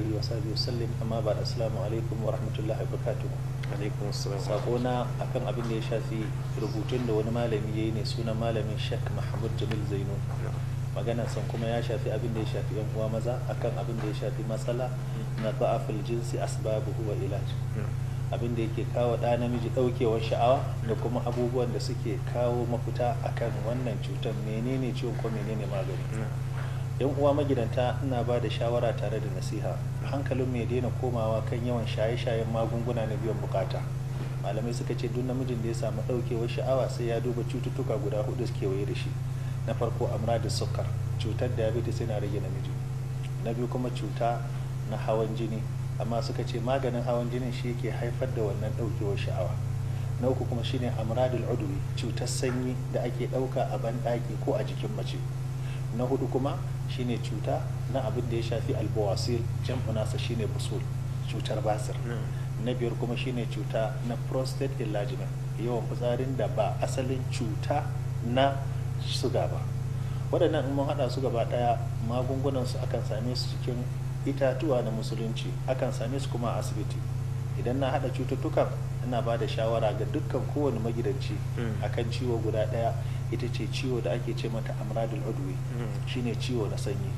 alihi wa sahbihi wasallim amma ba assalamu alaikum wa rahmatullahi wa barakatuh alaikum assalam sakona akan abin da ya shafi rubutun da wani malami yayi ne sunan malamin Sheikh Mahmud Jamil Zainu magana san kuma ya shafi abin da ya shafi yan uwa maza akan abin da ya shafi matsala hmm. na ba'aful jinsi asbabuhu wa ilaj abin da yake kawo ɗa namiji ɗaukewar sha'awa hmm. da kuma abubuwan da suke kawo mafita akan wannan cutar menene ciwon ko menene magani yan uwa magidanta ina ba da shawara tare da nasiha hankalin mai daina komawa kan yawan shaye-shayen magunguna na biyan bukata malamai suka ce duk namijin da ya samu ɗaukewar sha'awa sai ya duba cututtuka guda hudu su kewaye da shi na farko amra da sukar cutar diabetes yana rage namiji na biyu kuma cuta na hawan jini amma suka ce maganin hawan jinin shi ke haifar da wannan ɗaukewar sha'awa na uku kuma shine amradul udwi cutar sanyi da ake ɗauka a banɗaki ko a jikin mace na hudu kuma shine cuta na abin da ya shafi albawasir jam'u shine busul cutar basir hmm. na biyar kuma shine cuta na prostate enlargement yawan fitsarin da ba asalin cuta na suga ba waɗannan in mun haɗa su gaba ɗaya magungunan su akan same su cikin itatuwa na musulunci akan same su kuma a asibiti idan na hada cututtukan ina ba da shawara ga dukkan kowane magidanci hmm. akan ciwo guda daya ita ce ciwo da ake ce mata amradul udwi hmm. shine ciwo na sanyi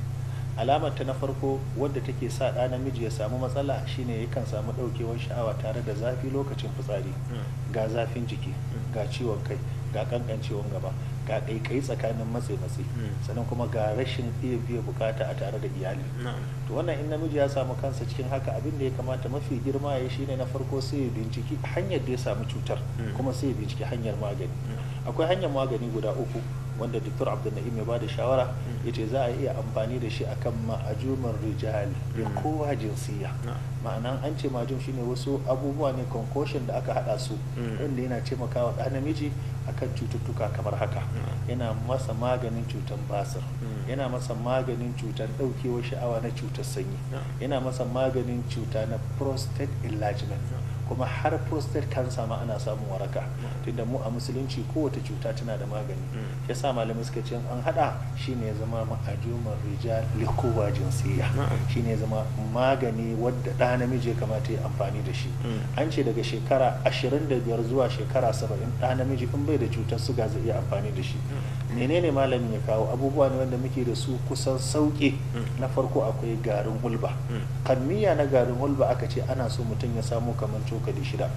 alamar ta na farko wadda take sa ɗa namiji ya samu matsala shine yakan samu ɗaukewar sha'awa tare da zafi lokacin fitsari hmm. ga zafin jiki hmm. ga ciwon kai ga kankancewan gaba ga ƙaiƙayi tsakanin matse-matse hmm. sannan kuma ga rashin iya biya bukata a tare da iyali to wannan in namiji ya samu kansa cikin haka abin da ya kamata mafi girma ya shine na farko sai ya binciki hanyar da ya samu cutar kuma sai ya binciki hanyar magani akwai hanyar magani guda uku wanda dr abdulna'im ya da shawara hmm. Ya ce za a iya amfani da shi akan ma'ajumin rijali da hmm. kowa jinsiya ma'ana an ce majum shine wasu abubuwa ne concussion da aka hada su hmm. wanda yana taimakawa da namiji akan cututtuka kamar haka yana masa maganin cutar basir yana masa maganin cutar ɗaukewar sha'awa na cutar sanyi yana masa maganin cuta na prostate enlargement kuma har prostate cancer ma ana samun waraka tunda mu a musulunci kowace cuta tana da magani mm. ya sa malamai suka ce an hada shine ya zama ma'ajumar Rija likowa jinsiya shine ya zama magani wadda ɗa namiji ya kamata ya amfani da shi mm. an ce daga shekara 25 zuwa shekara 70 ɗa namiji in bai da cutar suga zai iya amfani da shi mm. menene malamin ya kawo abubuwa ne wanda muke da su kusan sauƙi na farko akwai garin hulba kammiya na garin hulba aka ce ana so mutum ya samo kamar cokali shida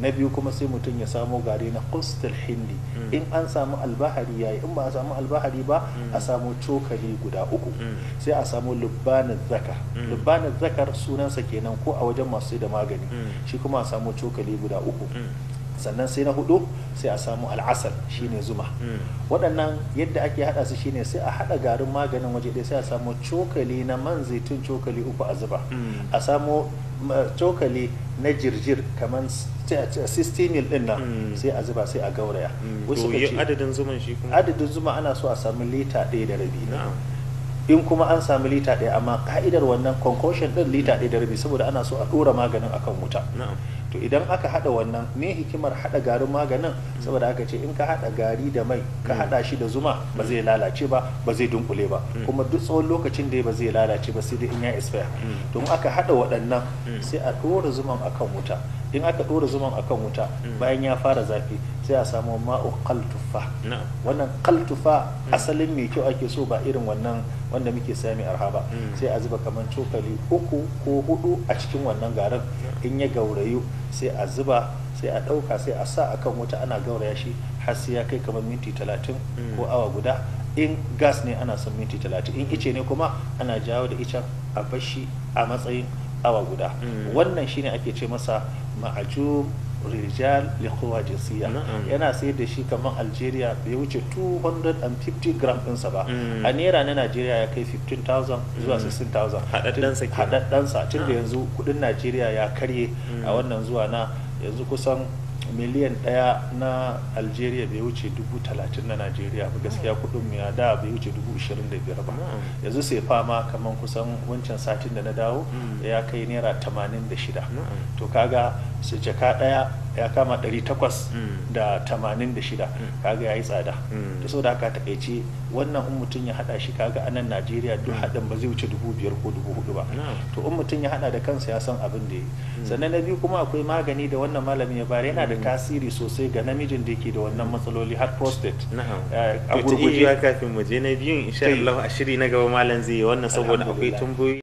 na biyu kuma sai mutum ya samo gari na kustar hindi mm. in an samu albahari yayi in ba a samu albahari ba a mm. samu cokali guda uku mm. sai a samu lubbanin zakar lubbanin zakar sunansa kenan ko a wajen masu da magani shi kuma a samu cokali guda uku sannan sai na hudu sai a samu al'asar shine zuma hmm. waɗannan yadda ake haɗa su shine sai a haɗa garin maganin waje ɗaya sai a samu cokali na man zaitun cokali uku a zuba hmm. a samu cokali na jirjir kamar 60 mil nan hmm. sai a zuba sai a gauraya wasu adadin zuma ana so a samu lita ɗaya da rabi in kuma an samu lita ɗaya amma ka'idar wannan concussion ɗin lita ɗaya da rabi saboda ana so a ɗora maganin akan wuta to idan aka hada wannan ne hikimar hada garin maganin saboda aka ce in ka hada gari da mai ka hmm. hada shi da zuma ba zai lalace ba ba zai dunkule ba hmm. kuma duk tsawon lokacin da ba zai lalace ba sai dai in ya isfaya hmm. to aka hada waɗannan sai a dora zuman akan wuta in aka ɗora zuman akan wuta mm. bayan ya fara zafi sai a samu ma'u kaltufa wannan kaltufa mm. asalin mai kyau ake so ba irin wannan wanda muke sami arha ba mm. sai a zuba kamar cokali uku ko hudu a cikin wannan garin in ya gaurayu sai a zuba sai a ɗauka sai a sa akan wuta ana gauraya shi har sai ya kai kamar minti talatin ko awa guda in gas ne ana son minti talatin in ice ne kuma ana jawo da icen a bashi a matsayin awa guda mm. wannan shine ake ce masa ma'ajum rijal likowa jinsiya yana sayar da shi kamar algeria bai wuce 250 gram ɗinsa ba mm. a naira na najeriya ya kai 15,000 zuwa 16,000 haɗaɗɗansa tun da yanzu kudin najeriya ya karye a mm. wannan zuwa na yanzu kusan miliyan ɗaya na algeria bai wuce dubu talatin na najeriya ba gaskiya kudin mu ya da bai wuce dubu ishirin da biyar ba hmm. yanzu sai fama kamar kusan wancan satin da na dawo hmm. ya kai naira tamanin da shida hmm. to kaga su jaka ɗaya ya kama 886 mm. mm. kaga ya yi tsada da so da aka takaice wannan in mutum ya hada shi kaga anan najeriya duk mm. haɗin ba zai wuce dubu biyar ko dubu hudu ba to in mutum ya hada da kansa ya san abin da ya yi sannan na biyu kuma akwai magani da wannan malamin ya bayar yana da tasiri sosai ga namijin da yake da wannan matsaloli har prostate eh, a gurguje kafin mu je na biyun insha Allah a shiri na gaba malam zai yi wannan saboda akwai tambayoyi